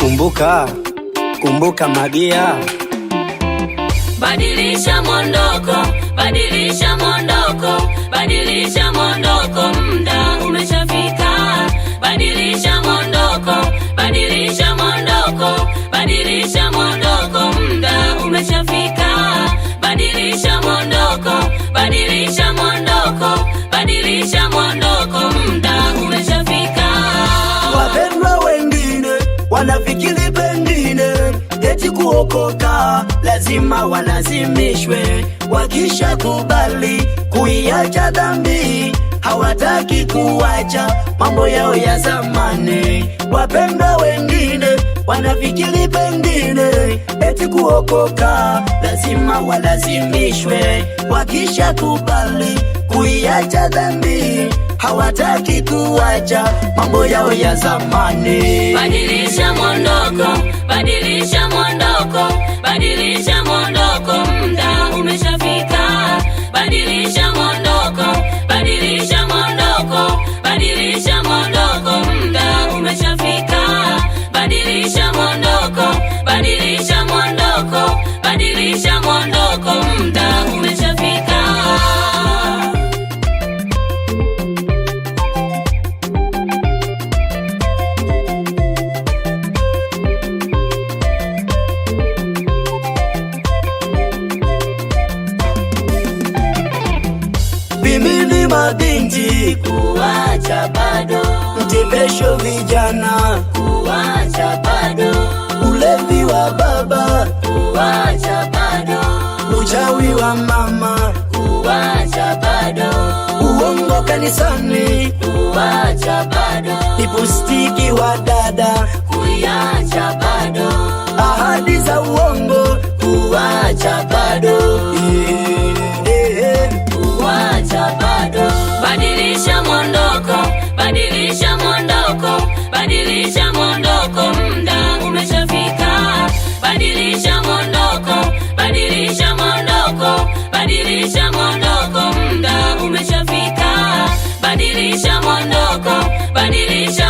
Kumbuka, kumbuka Magia, badilisha mondoko, badilisha mondoko, badilisha mondoko, mda umeshafika, badilisha mondoko, badilisha mondoko, badilisha mondoko, mda umeshafika, badilisha mondoko, badilisha mondoko, badilisha mondoko, mda eti kuokoka, lazima walazimishwe. Wakisha kubali kuiacha dhambi, hawataki kuwacha mambo yao ya zamani. Wapenda wengine wanafikiri pengine eti kuokoka lazima walazimishwe. Wakisha kubali kuiacha dhambi, hawataki kuwacha mambo yao ya zamani. Badilisha badilisha mwondoko, badilisha mwondoko, mda umeshafika, badilisha mwondoko, badilisha mwondoko, badilisha mwondoko Nyinyi mabinti kuacha bado, mtibesho vijana kuacha bado, ulevi wa baba kuacha bado, uchawi wa mama kuacha bado, uongo kanisani kuacha bado, ipustiki wa dada kuacha bado, ahadi za uongo badilisha mwondoko, mda umeshafika, badilisha mwondoko, badilisha mwondoko, badilisha mwondoko, mda umeshafika, badilisha mwondoko, badilisha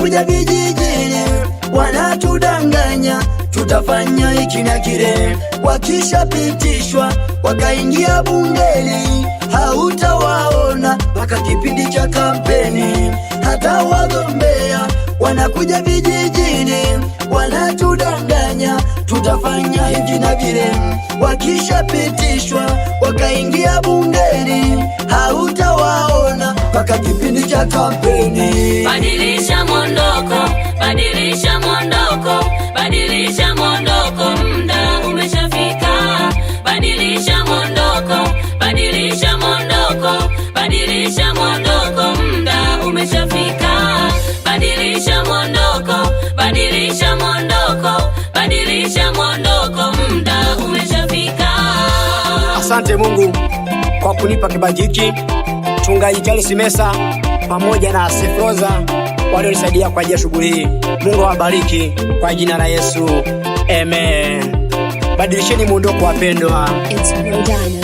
kuja vijijini wanatudanganya, tutafanya hiki na kile. Wakishapitishwa wakaingia bungeni, hautawaona mpaka kipindi cha kampeni. Hata wagombea wanakuja vijijini, wanatudanganya, tutafanya hiki na kile. Wakishapitishwa wakaingia bungeni, hautawaona mpaka kipindi cha kampeni. Badilisha badilisha mwondoko, badilisha mwondoko, mda umeshafika, badilisha mwondoko, badilisha mwondoko, badilisha mwondoko, mda umeshafika, badilisha mwondoko, badilisha mwondoko, badilisha mwondoko, mda umeshafika. Asante Mungu kwa kunipa kibajiki, hiki, Mchungaji Charles Mesa pamoja na Sefroza walionisaidia kwa ajili ya shughuli hii. Mungu awabariki kwa jina la Yesu, amen. Badilisheni muondoko wapendwa.